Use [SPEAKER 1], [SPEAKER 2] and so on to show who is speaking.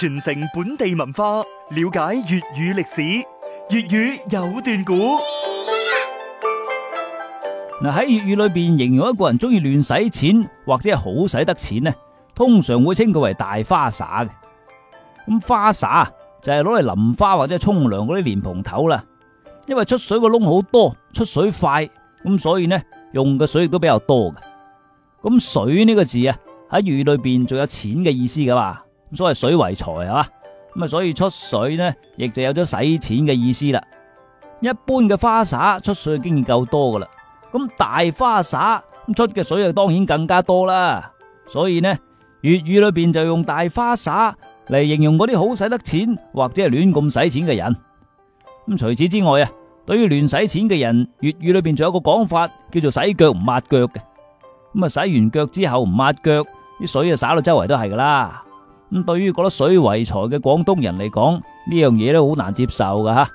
[SPEAKER 1] 傳承本地文化，了解粵語歷史，粵
[SPEAKER 2] 語有段古。嗱，喺粵語裏邊形容一個人中意亂使錢或者係好使得錢咧，通常會稱佢為大花灑嘅。咁花灑就係攞嚟淋花，或者係沖涼嗰啲蓮蓬頭啦。因為出水個窿好多，出水快，咁所以咧用嘅水亦都比較多嘅。咁水呢個字啊，喺粵語裏邊仲有錢嘅意思噶嘛。所以水為財係咁啊，所以出水呢，亦就有咗洗錢嘅意思啦。一般嘅花灑出水已經夠多噶啦，咁大花灑咁出嘅水啊，當然更加多啦。所以呢，粵語裏邊就用大花灑嚟形容嗰啲好使得錢或者係亂咁使錢嘅人。咁除此之外啊，對於亂使錢嘅人，粵語裏邊仲有個講法叫做洗腳唔抹腳嘅。咁啊，洗完腳之後唔抹腳，啲水啊灑到周圍都係噶啦。咁對於覺得水為財嘅廣東人嚟講，呢樣嘢都好難接受㗎吓。